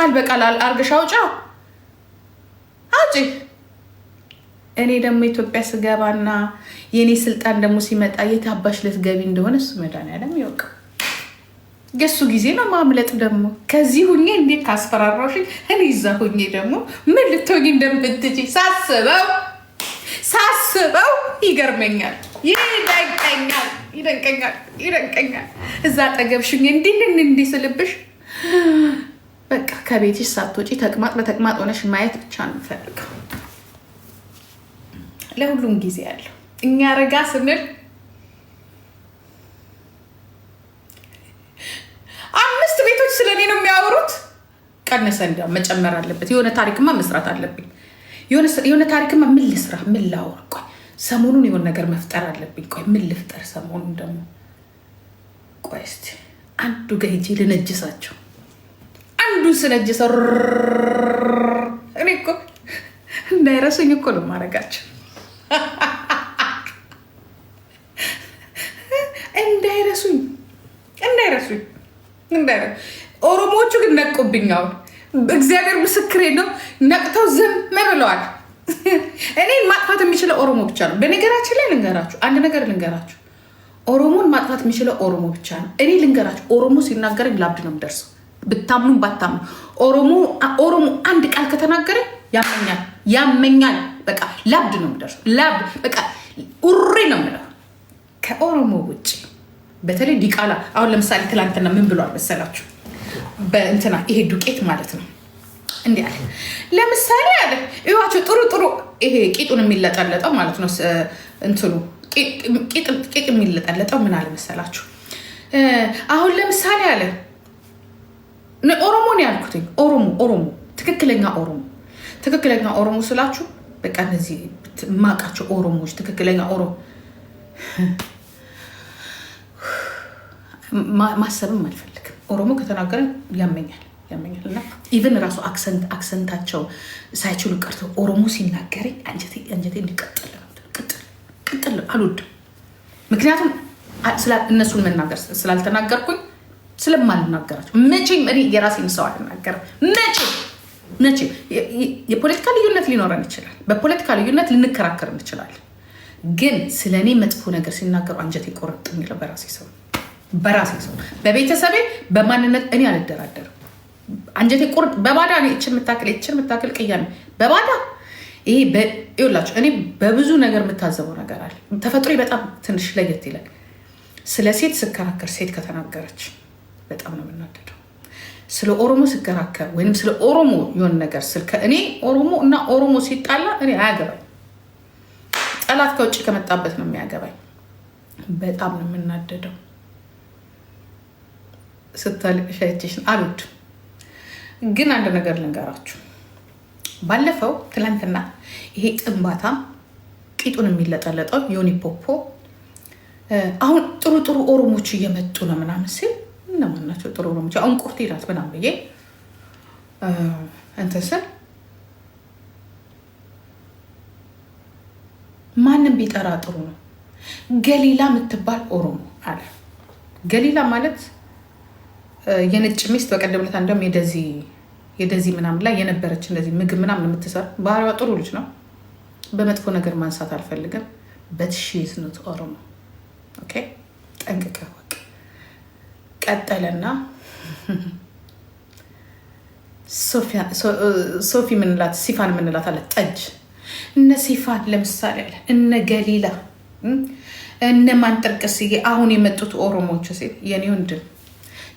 ቃል በቃል አርግሽ አውጪ አውጪ። እኔ ደግሞ ኢትዮጵያ ስገባና የእኔ ስልጣን ደግሞ ሲመጣ የታባሽ ልትገቢ እንደሆነ እሱ መድኃኒዓለም ይወቅ። የእሱ ጊዜ ነው ማምለጥ። ደግሞ ከዚህ ሁኜ እንዴት ካስፈራራሽኝ እኔ እዛ ሁኜ ደግሞ ምን ልትሆኝ እንደምትጪ ሳስበው ሳስበው ይገርመኛል፣ ይደንቀኛል፣ ይደንቀኛል፣ ይደንቀኛል። እዛ አጠገብሽኝ እንዲህ ልን እንዲህ ስልብሽ በቃ ከቤትሽ ሳትወጪ ተቅማጥ በተቅማጥ ሆነሽ ማየት ብቻ እንፈልገው። ለሁሉም ጊዜ አለው። እኛ ረጋ ስንል አምስት ቤቶች ስለኔ ነው የሚያወሩት። ቀነሰ፣ እንዲያውም መጨመር አለበት። የሆነ ታሪክማ መስራት አለብኝ። የሆነ ታሪክማ ምን ልስራ፣ ምን ላወር? ቆይ ሰሞኑን የሆነ ነገር መፍጠር አለብኝ። ቆይ ምን ልፍጠር ሰሞኑን ደግሞ? ቆይ እስኪ አንዱ ገጂ ልነጅሳቸው ሁሉን ስነጅ ሰው እኔ እኮ እንዳይረሱኝ እኮ ነው ማረጋቸው፣ እንዳይረሱኝ እንዳይረሱኝ። ኦሮሞዎቹ ግን ነቁብኝ። አሁን እግዚአብሔር ምስክሬ ነው፣ ነቅተው ዝም ብለዋል። እኔን ማጥፋት የሚችለው ኦሮሞ ብቻ ነው። በነገራችን ላይ ልንገራችሁ፣ አንድ ነገር ልንገራችሁ፣ ኦሮሞን ማጥፋት የሚችለው ኦሮሞ ብቻ ነው። እኔ ልንገራችሁ፣ ኦሮሞ ሲናገረኝ ላብድ ነው የምደርሰው። ብታምኑ ባታምኑ ኦሮሞ ኦሮሞ አንድ ቃል ከተናገረ ያመኛል ያመኛል። በቃ ላብድ ነው የምደርሰው፣ ላብድ በቃ ኡሬ ነው የምለው። ከኦሮሞ ውጭ በተለይ ዲቃላ አሁን ለምሳሌ ትላንትና ምን ብሏል መሰላችሁ? በእንትና ይሄ ዱቄት ማለት ነው እንዲህ አለ። ለምሳሌ አለ እዋቸው ጥሩ ጥሩ ይሄ ቂጡን የሚለጠለጠው ማለት ነው እንትኑ ቂጥ የሚለጠለጠው ምን አለ መሰላችሁ? አሁን ለምሳሌ አለ ኦሮሞ ነው ያልኩትኝ። ኦሮሞ ኦሮሞ ትክክለኛ ኦሮሞ ትክክለኛ ኦሮሞ ስላችሁ በቃ እነዚህ ማቃቸው ኦሮሞዎች ትክክለኛ ኦሮሞ ማሰብም አልፈልግም። ኦሮሞ ከተናገረ ያመኛል ያመኛል እና ኢቨን ራሱ አክሰንታቸው ሳይችሉ ቀርቶ ኦሮሞ ሲናገረኝ አንጀቴ እንዲቀጥል ቅጥል አልወድም። ምክንያቱም እነሱን መናገር ስላልተናገርኩኝ ስለማልናገራቸው መቼም እኔ የራሴን ሰው አልናገርም። መቼ መቼ የፖለቲካ ልዩነት ሊኖረን ይችላል። በፖለቲካ ልዩነት ልንከራከር እንችላለን። ግን ስለ እኔ መጥፎ ነገር ሲናገሩ አንጀት ይቆረጥ የሚለው በራሴ ሰው በራሴ ሰው በቤተሰቤ በማንነት እኔ አልደራደርም። አንጀት ቁርጥ በባዳ ችን የምታክል ችን የምታክል ቅያ ነው በባዳ ይሄ እኔ በብዙ ነገር የምታዘበው ነገር አለ። ተፈጥሮ በጣም ትንሽ ለየት ይላል። ስለ ሴት ስከራከር ሴት ከተናገረች በጣም ነው የምናደደው። ስለ ኦሮሞ ስከራከር ወይም ስለ ኦሮሞ የሆን ነገር ስል ከእኔ ኦሮሞ እና ኦሮሞ ሲጣላ እኔ አያገባኝ። ጠላት ከውጭ ከመጣበት ነው የሚያገባኝ። በጣም ነው የምናደደው። ስታልቅሻይቴሽን አሉድ ግን አንድ ነገር ልንገራችሁ። ባለፈው ትላንትና ይሄ ጥንባታ ቂጡን የሚለጠለጠው ዮኒ ፖፖ አሁን ጥሩ ጥሩ ኦሮሞች እየመጡ ነው ምናምን ሲል እነማን ናቸው ጥሩ ነው አሁን ቁርት ሄዳት ምናምን ብዬ እንትን ስል ማንም ቢጠራ ጥሩ ነው። ገሊላ የምትባል ኦሮሞ አለ። ገሊላ ማለት የነጭ ሚስት በቀደም ዕለት እንደውም የደዚህ ምናምን ላይ የነበረች እንደዚህ ምግብ ምናምን የምትሰራ ባህሪዋ ጥሩ ልጅ ነው። በመጥፎ ነገር ማንሳት አልፈልግም። በት ሺ ኦሮሞ ጠንቅቀ ቀጠለና ሶፊ ምንላት ሲፋን ምንላት አለ ጠጅ እነ ሲፋን ለምሳሌ አለ እነ ገሊላ እነ ማንጠርቅስዬ አሁን የመጡት ኦሮሞች ሴ የኔ ወንድም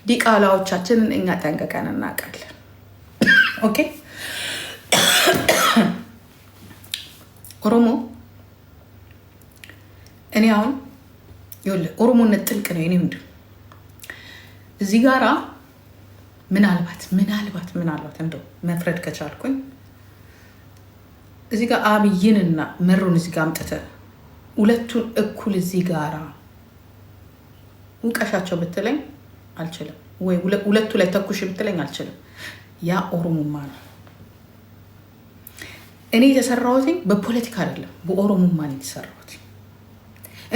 ዲቃላዎቻችንን እኛ ጠንቀቀን እናውቃለን። ኦኬ ኦሮሞ እኔ አሁን ኦሮሞነት ጥልቅ ነው የኔ ወንድም እዚህ ጋራ ምናልባት ምናልባት ምናልባት እንደው መፍረድ ከቻልኩኝ እዚህ ጋር አብይንና መሩን እዚህ ጋር አምጥተህ ሁለቱን እኩል እዚህ ጋራ ውቀሻቸው ብትለኝ አልችልም፣ ወይ ሁለቱ ላይ ተኩሽ ብትለኝ አልችልም። ያ ኦሮሞማ ነው። እኔ የተሰራሁት በፖለቲካ አይደለም፣ በኦሮሞማ ነው የተሰራሁት።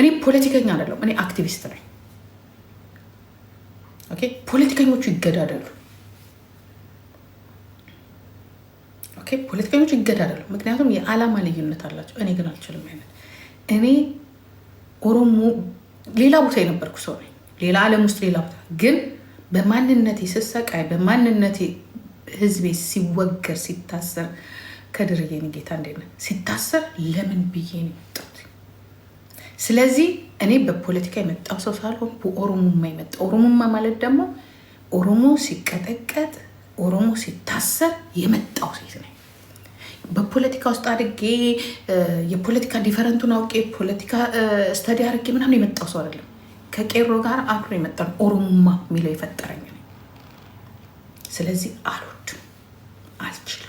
እኔ ፖለቲከኛ አይደለም፣ እኔ አክቲቪስት ነኝ። ኦኬ ፖለቲከኞቹ ይገዳደሉ። ኦኬ ፖለቲከኞቹ ይገዳደሉ፣ ምክንያቱም የዓላማ ልዩነት አላቸው። እኔ ግን አልችልም አይነት እኔ ኦሮሞ ሌላ ቦታ የነበርኩ ሰው ነኝ፣ ሌላ ዓለም ውስጥ ሌላ ቦታ ግን በማንነቴ ስሰቃይ በማንነቴ ህዝቤ ሲወገር ሲታሰር ከድርዬን ጌታ እንዴት ነህ ሲታሰር ለምን ብዬ ነው ስለዚህ እኔ በፖለቲካ የመጣው ሰው ሳልሆን በኦሮሞማ የመጣ ኦሮሞማ ማለት ደግሞ ኦሮሞ ሲቀጠቀጥ ኦሮሞ ሲታሰር የመጣው ሴት ነኝ። በፖለቲካ ውስጥ አድጌ የፖለቲካ ዲፈረንቱን አውቄ ፖለቲካ ስተዲ አድርጌ ምናምን የመጣው ሰው አይደለም። ከቄሮ ጋር አብሮ የመጣ ኦሮሞማ የሚለው የፈጠረኝ ነኝ። ስለዚህ አልወድም፣ አልችልም።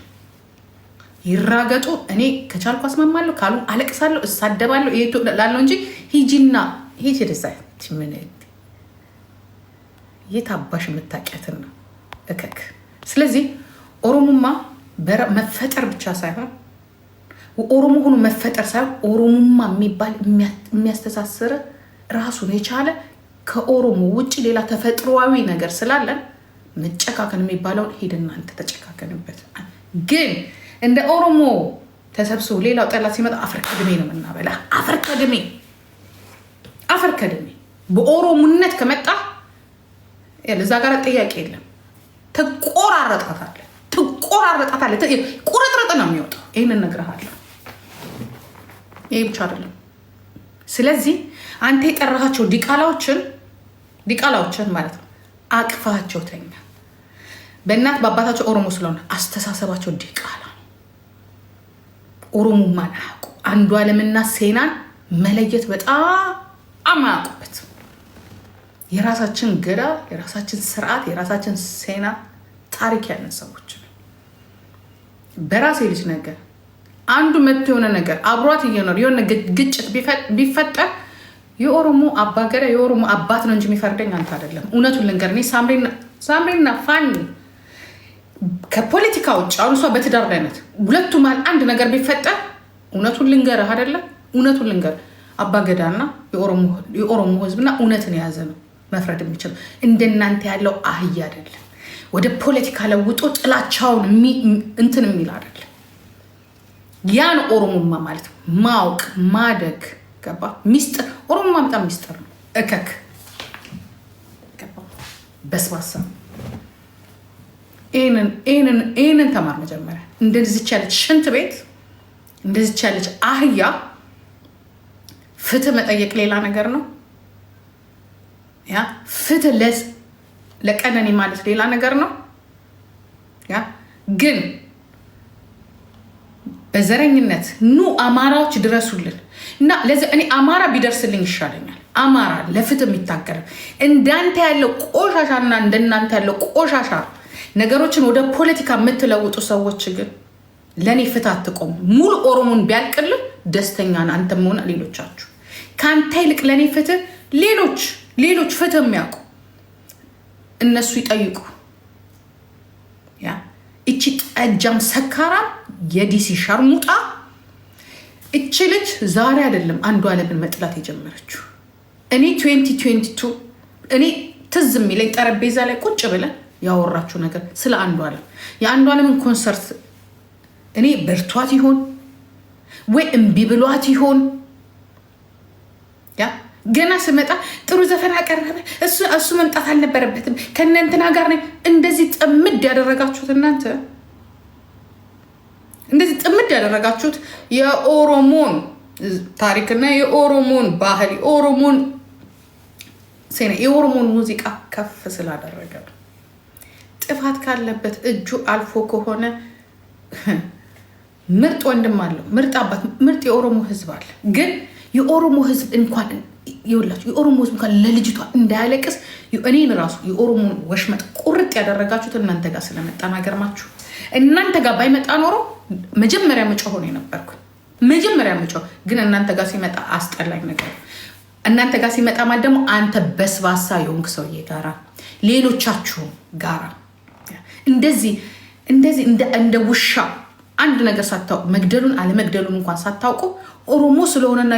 ይራገጡ። እኔ ከቻልኩ አስማማለሁ፣ ካሉ አለቅሳለሁ፣ እሳደባለሁ ላለው እንጂ ሂጂና ሂጂ ደዛ ምን የት አባሽ የምታውቂያትን ነው እከክ። ስለዚህ ኦሮሞማ መፈጠር ብቻ ሳይሆን ኦሮሞ ሆኖ መፈጠር ሳይሆን ኦሮሞማ የሚባል የሚያስተሳስረ ራሱን የቻለ ከኦሮሞ ውጭ ሌላ ተፈጥሯዊ ነገር ስላለን መጨካከን የሚባለውን ሄድና አንተ ተጨካከንበት ግን እንደ ኦሮሞ ተሰብስቦ ሌላው ጠላት ሲመጣ አፈር ከድሜ ነው የምናበላ። አፈር ከድሜ አፈር ከድሜ በኦሮሞነት ከመጣ እዛ ጋር ጥያቄ የለም። ትቆራረጣታለህ፣ ትቆራረጣታለህ። ቁርጥርጥ ነው የሚወጣው። ይህን እነግርሃለሁ። ይህ ብቻ አይደለም። ስለዚህ አንተ የጠራሃቸው ዲቃላዎችን ዲቃላዎችን ማለት ነው አቅፋቸው ተኛ። በእናት በአባታቸው ኦሮሞ ስለሆነ አስተሳሰባቸው ዲቃላ ኦሮሞማን አያውቁ። አለምና ሴናን መለየት በጣም አያውቁበት። የራሳችን ገዳ፣ የራሳችን ስርዓት፣ የራሳችን ሴና ታሪክ ያለን ሰዎች በራሴ ልጅ ነገር አንዱ መጥቶ የሆነ ነገር አብሯት እየኖር የሆነ ግጭት ቢፈጠር የኦሮሞ አባገዳ የኦሮሞ አባት ነው እንጂ የሚፈርደኝ አንተ አይደለም። እውነቱን ልንገር ሳምሬና ፋኒ ከፖለቲካ ውጭ አሁን እሷ በትዳር ላይ ናት። ሁለቱ መሀል አንድ ነገር ቢፈጠር እውነቱን ልንገርህ አይደለም፣ እውነቱን ልንገርህ አባገዳና የኦሮሞ ህዝብና እውነትን የያዘ ነው መፍረድ የሚችል እንደናንተ ያለው አህያ አይደለም። ወደ ፖለቲካ ለውጦ ጥላቻውን እንትን የሚል አይደለም። ያን ኦሮሞማ ማለት ነው ማወቅ ማደግ ገባ ሚስጥር ኦሮሞማ በጣም ሚስጥር ነው እከክ ገባ በስባሳ ይህንን ተማር መጀመሪያ። እንደዚች ያለች ሽንት ቤት፣ እንደዚች ያለች አህያ ፍትህ መጠየቅ ሌላ ነገር ነው። ያ ፍትህ ለቀነኔ ማለት ሌላ ነገር ነው። ያ ግን በዘረኝነት ኑ አማራዎች ድረሱልን እና ለዚህ እኔ አማራ ቢደርስልኝ ይሻለኛል። አማራ ለፍትህ የሚታገርም እንዳንተ ያለው ቆሻሻ እና እንደናንተ ያለው ቆሻሻ ነገሮችን ወደ ፖለቲካ የምትለውጡ ሰዎች ግን ለእኔ ፍትህ አትቆሙ። ሙሉ ኦሮሞን ቢያልቅልህ ደስተኛ ነህ አንተ ሆነ ሌሎቻችሁ። ከአንተ ይልቅ ለእኔ ፍትህ ሌሎች ሌሎች ፍትህ የሚያውቁ እነሱ ይጠይቁ። ያ እቺ ጠጃም ሰካራም የዲሲ ሸርሙጣ እቺ ልጅ ዛሬ አይደለም አንዱ አለምን መጥላት የጀመረችው። እኔ 2022 እኔ ትዝ የሚለኝ ጠረጴዛ ላይ ቁጭ ብለን ያወራችው ነገር ስለ አንዱ አለም የአንዱ አለምን ኮንሰርት እኔ በርቷት ይሆን ወይ እምቢ ብሏት ይሆን? ያ ገና ስመጣ ጥሩ ዘፈን አቀረበ፣ እሱ እሱ መምጣት አልነበረበትም፣ ከእነንትና ጋር ነኝ። እንደዚህ ጥምድ ያደረጋችሁት እናንተ እንደዚህ ጥምድ ያደረጋችሁት የኦሮሞን ታሪክና የኦሮሞን ባህል የኦሮሞን የኦሮሞን ሙዚቃ ከፍ ስላደረገ ነው። ጥፋት ካለበት እጁ አልፎ ከሆነ ምርጥ ወንድም አለው፣ ምርጥ አባት፣ ምርጥ የኦሮሞ ህዝብ አለ። ግን የኦሮሞ ህዝብ እንኳን ይኸውላችሁ የኦሮሞ ህዝብ እንኳን ለልጅቷ እንዳያለቅስ እኔን ራሱ የኦሮሞን ወሽመጥ ቁርጥ ያደረጋችሁት እናንተ ጋር ስለመጣን አገርማችሁ እናንተ ጋር ባይመጣ ኖሮ መጀመሪያ መጮ ሆኖ የነበርኩ መጀመሪያ መጮ። ግን እናንተ ጋር ሲመጣ አስጠላኝ ነገር እናንተ ጋር ሲመጣ ማለት ደግሞ አንተ በስባሳ የሆንክ ሰውዬ ጋራ ሌሎቻችሁም ጋራ እንደዚህ እንደዚህ እንደ ውሻ አንድ ነገር ሳታውቁ መግደሉን አለመግደሉን እንኳን ሳታውቁ ኦሮሞ ስለሆነና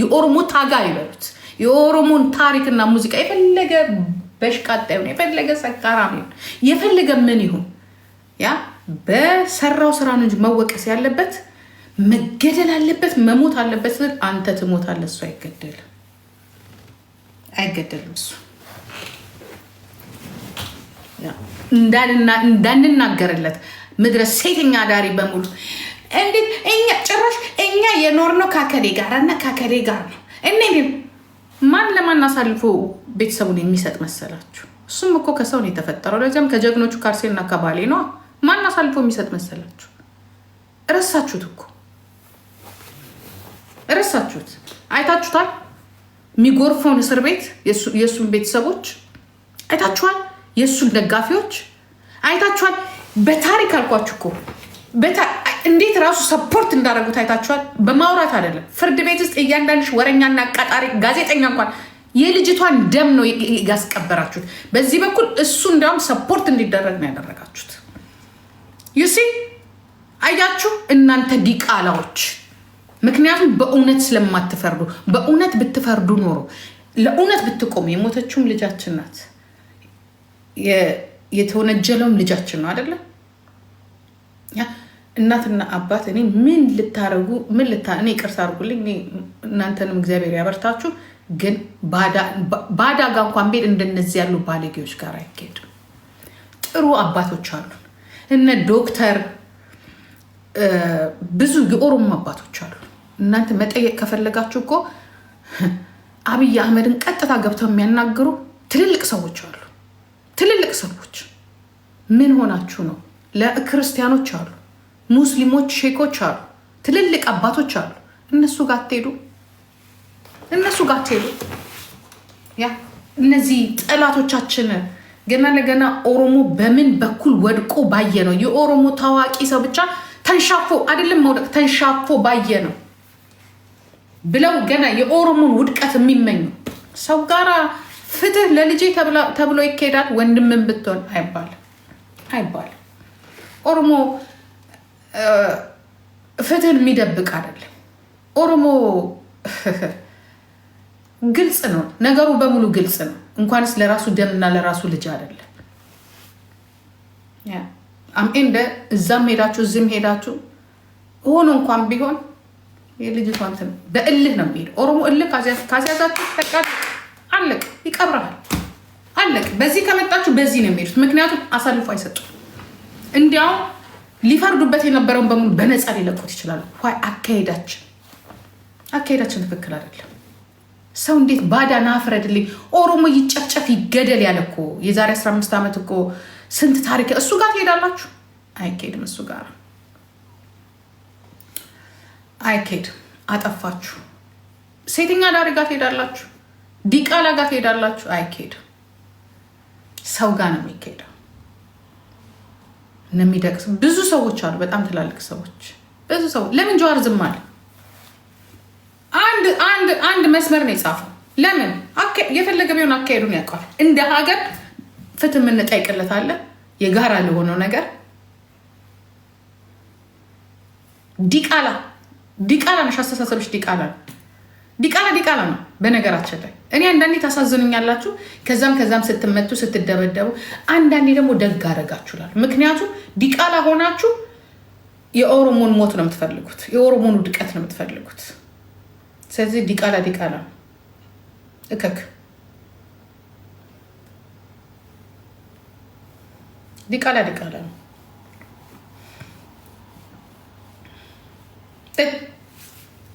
የኦሮሞ ታጋ ይበሉት የኦሮሞን ታሪክና ሙዚቃ የፈለገ በሽቃጣ ይሁን የፈለገ ሰካራም ይሁን የፈለገ ምን ይሁን ያ በሰራው ስራ ነው እንጂ መወቀስ ያለበት መገደል አለበት መሞት አለበት። አንተ ትሞታለህ፣ እሱ አይገደልም አይገደልም እሱ እንዳንናገርለት ምድረ ሴተኛ አዳሪ በሙሉ እንዴት እኛ ጭራሽ እኛ የኖርነው ካከሌ ጋር እና ካከሌ ጋር ነው። እኔ ማን ለማን አሳልፎ ቤተሰቡን የሚሰጥ መሰላችሁ? እሱም እኮ ከሰው ነው የተፈጠረው። ለዚያም ከጀግኖቹ ካርሴና ከባሌ ነው። ማን አሳልፎ የሚሰጥ መሰላችሁ? ረሳችሁት እኮ ረሳችሁት። አይታችሁታል? የሚጎርፈውን እስር ቤት የእሱን ቤተሰቦች አይታችኋል። የእሱን ደጋፊዎች አይታችኋል። በታሪክ አልኳችሁ እኮ እንዴት ራሱ ሰፖርት እንዳደረጉት አይታችኋል። በማውራት አይደለም ፍርድ ቤት ውስጥ እያንዳንድሽ ወረኛና አቃጣሪ ጋዜጠኛ እንኳን የልጅቷን ደም ነው ያስቀበራችሁት። በዚህ በኩል እሱ እንዲያውም ሰፖርት እንዲደረግ ነው ያደረጋችሁት። ዩሲ አያችሁ፣ እናንተ ዲቃላዎች። ምክንያቱም በእውነት ስለማትፈርዱ፣ በእውነት ብትፈርዱ ኖሮ ለእውነት ብትቆሙ የሞተችውም ልጃችን ናት። የተወነጀለውም ልጃችን ነው አይደለም። እናትና አባት እኔ ምን ልታረጉ ምን ልታ እኔ ቅርስ አድርጉልኝ። እናንተንም እግዚአብሔር ያበርታችሁ። ግን በአዳጋ እንኳን ቤድ እንደነዚህ ያሉ ባለጌዎች ጋር አይካሄድም። ጥሩ አባቶች አሉ እነ ዶክተር ብዙ የኦሮሞ አባቶች አሉ። እናንተ መጠየቅ ከፈለጋችሁ እኮ አብይ አህመድን ቀጥታ ገብተው የሚያናግሩ ትልልቅ ሰዎች አሉ። ሰዎች ምን ሆናችሁ ነው? ለክርስቲያኖች አሉ፣ ሙስሊሞች፣ ሼኮች አሉ፣ ትልልቅ አባቶች አሉ። እነሱ ጋር አትሄዱ፣ እነሱ ጋር አትሄዱ። ያ እነዚህ ጠላቶቻችን ገና ለገና ኦሮሞ በምን በኩል ወድቆ ባየ ነው። የኦሮሞ ታዋቂ ሰው ብቻ ተንሻፎ አይደለም መውደቅ ተንሻፎ ባየ ነው ብለው ገና የኦሮሞን ውድቀት የሚመኙ ሰው ጋራ ፍትህ ለልጄ ተብሎ ይካሄዳል። ወንድምን ብትሆን አይባል አይባል። ኦሮሞ ፍትህን የሚደብቅ አይደለም። ኦሮሞ ግልጽ ነው ነገሩ በሙሉ ግልጽ ነው። እንኳንስ ለራሱ ደምና ለራሱ ልጅ አይደለም። አምኤንደ እዛም ሄዳችሁ እዚህም ሄዳችሁ ሆኖ እንኳን ቢሆን የልጅቷን በእልህ ነው የሚሄድ ኦሮሞ እልህ ካሲያዛችሁ አለቅ ይቀብረሃል። አለቅ በዚህ ከመጣችሁ በዚህ ነው የሚሄዱት። ምክንያቱም አሳልፎ አይሰጡም። እንዲያውም ሊፈርዱበት የነበረውን በሙሉ በነፃ ሊለቁት ይችላሉ። ይ አካሄዳችን አካሄዳችን ትክክል አይደለም። ሰው እንዴት ባዳ ናፍረድልኝ ኦሮሞ ይጨፍጨፍ ይገደል ያለ እኮ የዛሬ 15 ዓመት እኮ ስንት ታሪክ እሱ ጋር ትሄዳላችሁ። አይኬድም እሱ ጋር አይካሄድም። አጠፋችሁ ሴተኛ አዳሪ ጋር ትሄዳላችሁ። ዲቃላ ጋር ትሄዳላችሁ? አይካሄድም። ሰው ጋር ነው የሚካሄደው። የሚደቅስ ብዙ ሰዎች አሉ፣ በጣም ትላልቅ ሰዎች፣ ብዙ ሰው። ለምን ጀዋር ዝም አለ? አንድ መስመር ነው የጻፈው። ለምን የፈለገ ቢሆን አካሄዱን ያውቀዋል። እንደ ሀገር ፍትህ የምንጠይቅለት አለ የጋራ ለሆነው ነገር ዲቃላ ዲቃላ ነሽ፣ አስተሳሰብሽ ዲቃላ ነው። ዲቃላ ዲቃላ ነው። በነገራችን ላይ እኔ አንዳንዴ ታሳዝኑኛላችሁ። ከዛም ከዛም ስትመቱ ስትደበደቡ፣ አንዳንዴ ደግሞ ደግ አደረጋችሁላል። ምክንያቱም ዲቃላ ሆናችሁ የኦሮሞን ሞት ነው የምትፈልጉት፣ የኦሮሞን ውድቀት ነው የምትፈልጉት። ስለዚህ ዲቃላ ዲቃላ ነው። እከክ ዲቃላ ዲቃላ ነው።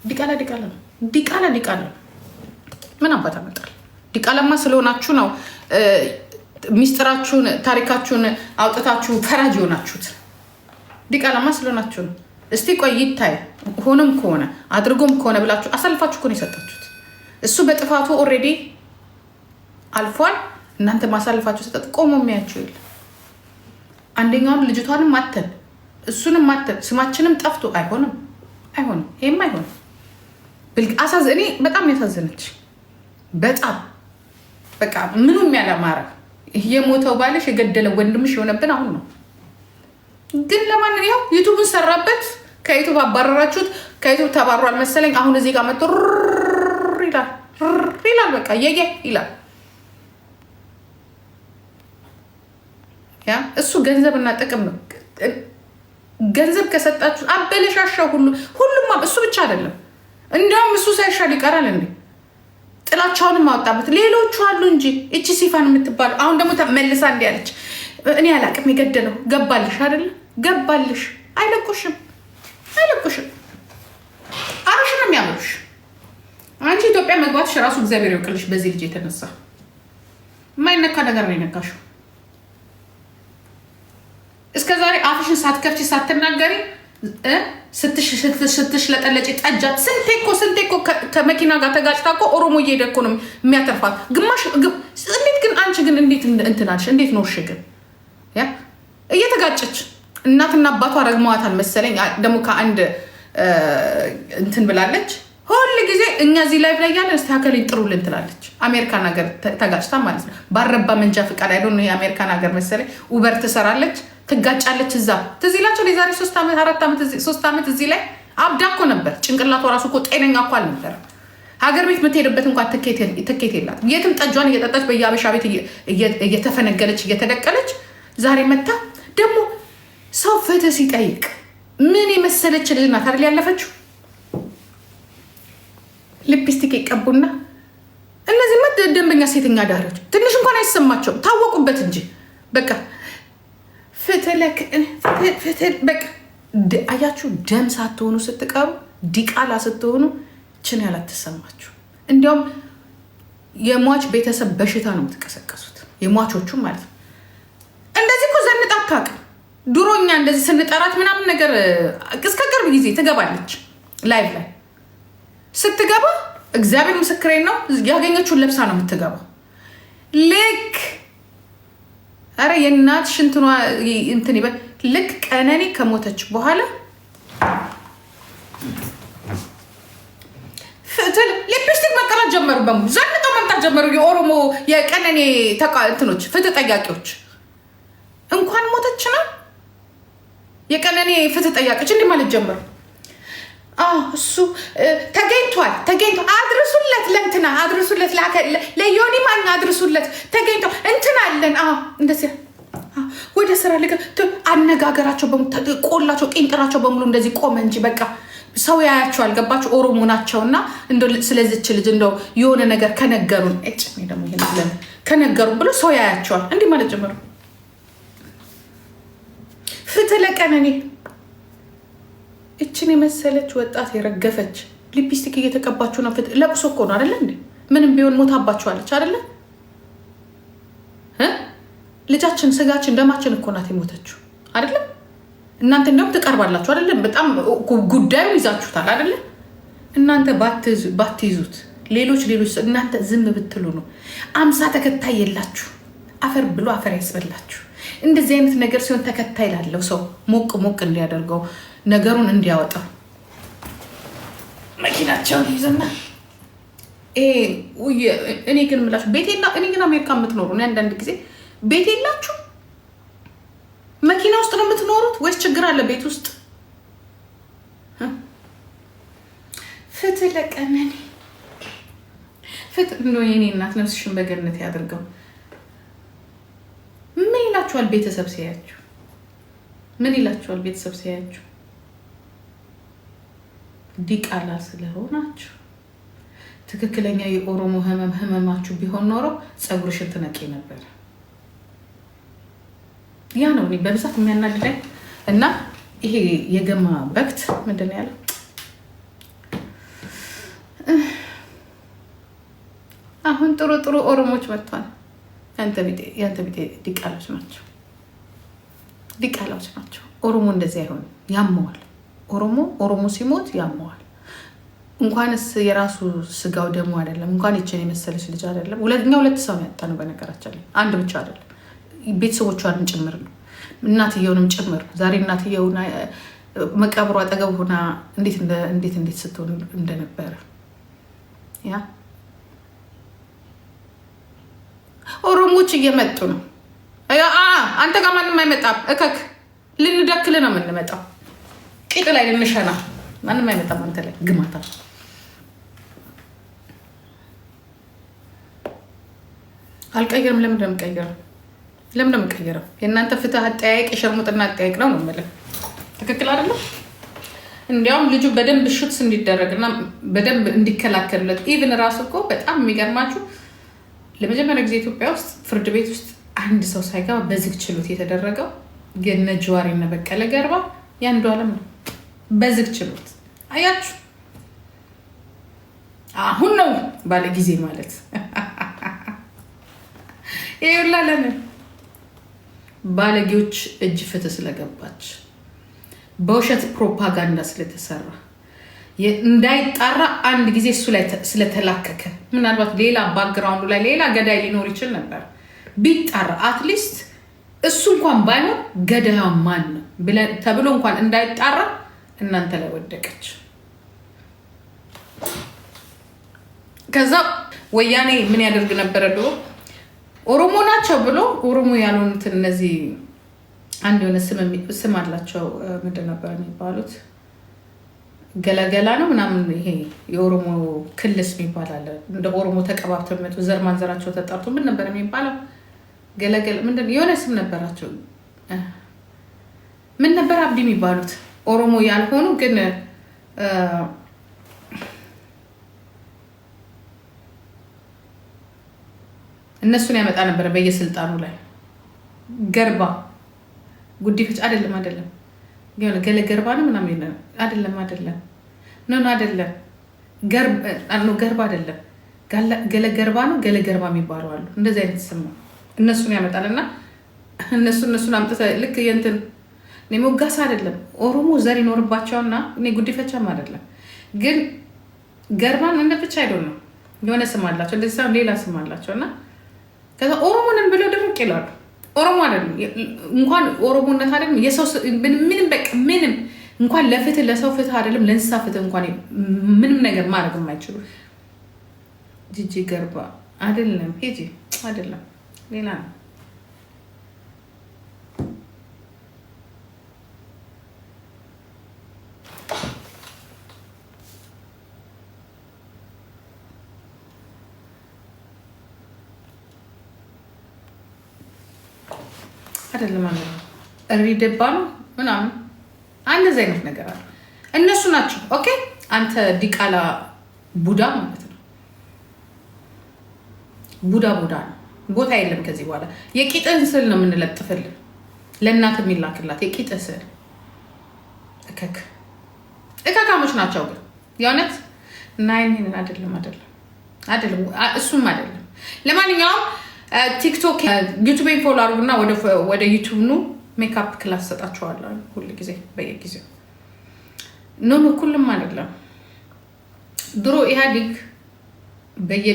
ዲቃላ ዲቃላ ነው። ዲቃላ ዲቃላ ምን አባት ያመጣል? ዲቃላማ ስለሆናችሁ ነው ሚስጥራችሁን፣ ታሪካችሁን አውጥታችሁ ፈራጅ የሆናችሁት። ዲቃላማ ስለሆናችሁ ነው። እስቲ ቆይ ይታይ። ሆኖም ከሆነ አድርጎም ከሆነ ብላችሁ አሳልፋችሁ እኮ ነው የሰጣችሁት። እሱ በጥፋቱ ኦልሬዲ አልፏል። እናንተ ማሳልፋችሁ ሰጠት። ቆሞ የሚያችሁ የለ አንደኛውን ልጅቷንም አተን እሱንም ማተን ስማችንም ጠፍቶ አይሆንም፣ አይሆንም፣ ይሄም አይሆንም። እኔ በጣም ያሳዝነች በጣም በቃ ምኑም ያለማረ የሞተው ባልሽ የገደለ ወንድምሽ የሆነብን አሁን ነው። ግን ለማንን ያው ዩቱብን ሰራበት ከዩቱብ አባረራችሁት። ከዩቱብ ተባሯል መሰለኝ። አሁን እዚህ ጋር መጥቶ ይላል ይላል በቃ የየ ይላል። ያ እሱ ገንዘብና ጥቅም ገንዘብ ከሰጣችሁ አበለሻሻው ሁሉ ሁሉም እሱ ብቻ አይደለም። እንዲያውም እሱ ሳይሻል ይቀራል እንዴ? ጥላቻውንም አወጣበት። ሌሎቹ አሉ እንጂ እቺ ሲፋን የምትባለው አሁን ደግሞ መልሳ እንዲ ያለች እኔ አላቅም የገደለው ገባልሽ አይደለ? ገባልሽ። አይለቁሽም፣ አይለቁሽም። አራሽ ነው የሚያምሩሽ። አንቺ ኢትዮጵያ መግባትሽ ራሱ እግዚአብሔር ይወቅልሽ። በዚህ ልጅ የተነሳ የማይነካ ነገር ነው የነካሽው። እስከ ዛሬ አፍሽን ሳትከፍች ሳትናገሪ ለጠለጭ ጠጃት። ስንቴ እኮ ስንቴ እኮ ከመኪና ጋር ተጋጭታ እኮ ኦሮሞ እየሄደ እኮ ነው የሚያተርፋት። ግማሽ እንዴት ግን አንቺ ግን እንዴት እንትናልሽ እንዴት ነው እሺ? ያ እየተጋጨች እናትና አባቷ ረግመዋታል መሰለኝ። ደግሞ ከአንድ እንትን ብላለች። ሁል ጊዜ እኛ እዚህ ላይፍ ላይ ያለን ስተካከልኝ ጥሩልን ትላለች። አሜሪካን ሀገር ተጋጭታ ማለት ነው። ባረባ መንጃ ፈቃድ አይደ የአሜሪካን ሀገር መሰለኝ ውበር ትሰራለች ትጋጫለች። እዛ ትዝ ይላቸዋል። የዛሬ ሶስት ዓመት እዚህ ላይ አብዳ እኮ ነበር። ጭንቅላቷ ራሱ እኮ ጤነኛ እኮ አልነበረ። ሀገር ቤት የምትሄድበት እንኳን ትኬት የላትም። የትም ጠጇን እየጠጣች በየአበሻ ቤት እየተፈነገለች እየተደቀለች፣ ዛሬ መታ ደግሞ ሰው ፍትህ ሲጠይቅ ምን የመሰለች ልጅ ናት አይደል ያለፈችው። ሊፕስቲክ ይቀቡና እነዚህ ደንበኛ ሴተኛ ዳሪዎች ትንሽ እንኳን አይሰማቸውም። ታወቁበት እንጂ በቃ ፍትህ በቃ አያችሁ። ደም ሳትሆኑ ስትቀሩ ዲቃላ ስትሆኑ ችን ያላት ያላትሰማችሁ እንዲያውም የሟች ቤተሰብ በሽታ ነው የምትቀሰቀሱት፣ የሟቾቹ ማለት ነው። እንደዚህ እኮ ዘንጣ አታውቅም። ድሮኛ እንደዚህ ስንጠራት ምናምን ነገር እስከ ቅርብ ጊዜ ትገባለች ላይፍ ላይ ስትገባ እግዚአብሔር ምስክሬን ነው ያገኘችውን ለብሳ ነው የምትገባው ልክ አረ የእናት እንትኗ እንትን ይበል። ልክ ቀነኒ ከሞተች በኋላ ሊፕስቲክ መቀራት ጀመሩ። በሙ ዘንጠው መምጣት ጀመሩ። የኦሮሞ የቀነኒ እንትኖች ፍትህ ጠያቂዎች እንኳን ሞተች ነው የቀነኒ ፍትህ ጠያቂዎች እንዲህ ማለት ጀመሩ። እሱ ተገኝቷል ተገኝቷል፣ አድርሱለት ለእንትና አድርሱለት፣ ለዮኒ ማኛ አድርሱለት አለን። አዎ እንደዚህ ወደ ስራ ልገ አነጋገራቸው ቆላቸው ቂንጥራቸው በሙሉ እንደዚህ ቆመ እንጂ በቃ ሰው ያያቸው አልገባቸው ኦሮሞ ናቸው ናቸውና፣ ስለዚች ልጅ እንደው የሆነ ነገር ከነገሩን ደግሞ ከነገሩን ብሎ ሰው ያያቸዋል። እንዲህ ማለት ጀመሩ። ፍትህ ለቀነኔ እችን የመሰለች ወጣት የረገፈች ሊፕስቲክ እየተቀባችሁ ነው። ፍትህ ለቅሶ እኮ ነው አደለ? ምንም ቢሆን ሞታባችኋለች አደለን? ልጃችን፣ ስጋችን፣ ደማችን እኮ ናት የሞተችው አይደለም። እናንተ እንዲሁም ትቀርባላችሁ አይደለም። በጣም ጉዳዩ ይዛችሁታል አይደለም። እናንተ ባትይዙት ሌሎች ሌሎች እናንተ ዝም ብትሉ ነው። አምሳ ተከታይ የላችሁ አፈር ብሎ አፈር ያስበላችሁ። እንደዚህ አይነት ነገር ሲሆን ተከታይ ላለው ሰው ሞቅ ሞቅ እንዲያደርገው ነገሩን እንዲያወጣው መኪናቸውን ይዘና እኔ ግን ምላችሁ ቤቴላ እኔ ግን አሜሪካ የምትኖሩ እኔ አንዳንድ ጊዜ ቤት የላችሁ መኪና ውስጥ ነው የምትኖሩት ወይስ ችግር አለ ቤት ውስጥ? ፍትህ ለቀነኒ ፍትህ ነው የኔ እናት ነፍስሽን በገነት ያድርገው። ምን ይላችኋል ቤተሰብ ሲያያችሁ? ምን ይላችኋል ቤተሰብ ሲያያችሁ? ዲቃላ ስለሆናችሁ ትክክለኛ የኦሮሞ ህመም ህመማችሁ ቢሆን ኖሮ ፀጉርሽን ትነቂ ነበር። ያ ነው እኔ በብዛት የሚያናድደኝ እና ይሄ የገማ በክት ምንድን ነው ያለው? አሁን ጥሩ ጥሩ ኦሮሞዎች መጥቷል። ያንተ ቢጤ ዲቃላዎች ናቸው፣ ዲቃላዎች ናቸው። ኦሮሞ እንደዚህ አይሆንም፣ ያመዋል። ኦሮሞ ኦሮሞ ሲሞት ያመዋል። እንኳንስ የራሱ ስጋው ደሞ አይደለም እንኳን ይችን የመሰለች ልጅ አይደለም። ሁለተኛ ሁለት ሰው ነው ያጣነው በነገራችን ላይ አንድ ብቻ አይደለም፣ ቤተሰቦቿንም ጭምር ነው እናትየውንም ጭምር። ዛሬ እናትየው መቀብሩ አጠገብ ሆና እንዴት እንዴት እንዴት ስትሆን እንደነበረ ያ ኦሮሞዎች እየመጡ ነው። አንተ ጋር ማንም አይመጣም። እከክ ልንደክል ነው የምንመጣው ቂጥ ላይ ልንሸና ማንም አይመጣም አንተ ላይ ግማታ አልቀየርም። ለምን ነው የምቀየረው? ለምን ነው የምቀየረው? የእናንተ ፍትህ አጠያየቅ የሸርሙጥና አጠያየቅ ነው ነው የምልህ። ትክክል አይደለም። እንዲያውም ልጁ በደንብ ሹትስ እንዲደረግ በደንብ እንዲከላከልለት ኢቭን ራሱ እኮ በጣም የሚገርማችሁ ለመጀመሪያ ጊዜ ኢትዮጵያ ውስጥ ፍርድ ቤት ውስጥ አንድ ሰው ሳይገባ በዝግ ችሎት የተደረገው የነ ጅዋሬ በቀለ ገርባ የአንዱ አለም ነው። በዝግ ችሎት አያችሁ። አሁን ነው ባለ ጊዜ ማለት ይሁላ። ለምን ባለጌዎች እጅ ፍትህ ስለገባች በውሸት ፕሮፓጋንዳ ስለተሰራ እንዳይጣራ አንድ ጊዜ እሱ ላይ ስለተላከከ ምናልባት ሌላ ባክግራውንዱ ላይ ሌላ ገዳይ ሊኖር ይችል ነበር። ቢጣራ አትሊስት እሱ እንኳን ባይሆን ገዳዩ ማን ነው ተብሎ እንኳን እንዳይጣራ እናንተ ላይ ወደቀች። ከዛ ወያኔ ምን ያደርግ ነበረ ብሎ ኦሮሞ ናቸው ብሎ ኦሮሞ ያልሆኑትን እነዚህ አንድ የሆነ ስም አላቸው። ምንድን ነበር የሚባሉት? ገለገላ ነው ምናምን። ይሄ የኦሮሞ ክልስ የሚባል አለ። እንደ ኦሮሞ ተቀባብተው የሚመጡ ዘር ማንዘራቸው ተጣርቶ ምን ነበር የሚባለው? ገለገላ ምንድን የሆነ ስም ነበራቸው። ምን ነበር አብዲ የሚባሉት? ኦሮሞ ያልሆኑ ግን እነሱን ያመጣ ነበረ በየስልጣኑ ላይ ገርባ ጉዲፈች አይደለም አይደለም ገለ ገርባ ነው ምናምን አይደለም አይደለም ነን አይደለም ገርባ ገርባ አይደለም ገለ ገርባ ነው ገለ ገርባ የሚባሉ አሉ እንደዚህ አይነት ስም ነው እነሱን ያመጣልና እነሱ እነሱን አምጥተህ ልክ የእንትን እኔ ሞጋስ አይደለም ኦሮሞ ዘር ይኖርባቸውና እኔ ጉዲፈቻም አይደለም ግን ገርባን እንደ ብቻ አይደል ነው የሆነ ስም አላቸው እንደዚህ ሳይሆን ሌላ ስም አላቸው እና ከዛ ኦሮሞንን ብለው ድርቅ ይላሉ። ኦሮሞ አይደለም እንኳን ኦሮሞነት አይደለም የሰው ምንም በቃ ምንም እንኳን ለፍትህ ለሰው ፍትህ አይደለም ለእንስሳ ፍትህ እንኳን ምንም ነገር ማድረግ የማይችሉ ጂጂ ገርባ አይደለም ሄጂ አይደለም ሌላ ነው። አይደለም አለ እሪ ደባ ነው ምናምን እንደዚህ አይነት ነገር አለ። እነሱ ናቸው። ኦኬ አንተ ዲቃላ ቡዳ ማለት ነው። ቡዳ ቡዳ ነው። ቦታ የለም ከዚህ በኋላ የቂጥህን ስዕል ነው የምንለጥፍልን። ለእናት የሚላክላት የቂጥ ስዕል እከክ እካካሞች ናቸው። ግን የእውነት ናይን አይደለም አይደለም አይደለም፣ እሱም አይደለም። ለማንኛውም ቲክቶክ ዩቱቤን ፎሎ አድርጉና ወደ ዩቱብ ኑ። ሜካፕ ክላስ ሰጣችኋለሁ ሁሉ ጊዜ በየጊዜው ኑኑ። ሁሉም አይደለም ድሮ ኢህአዴግ በየ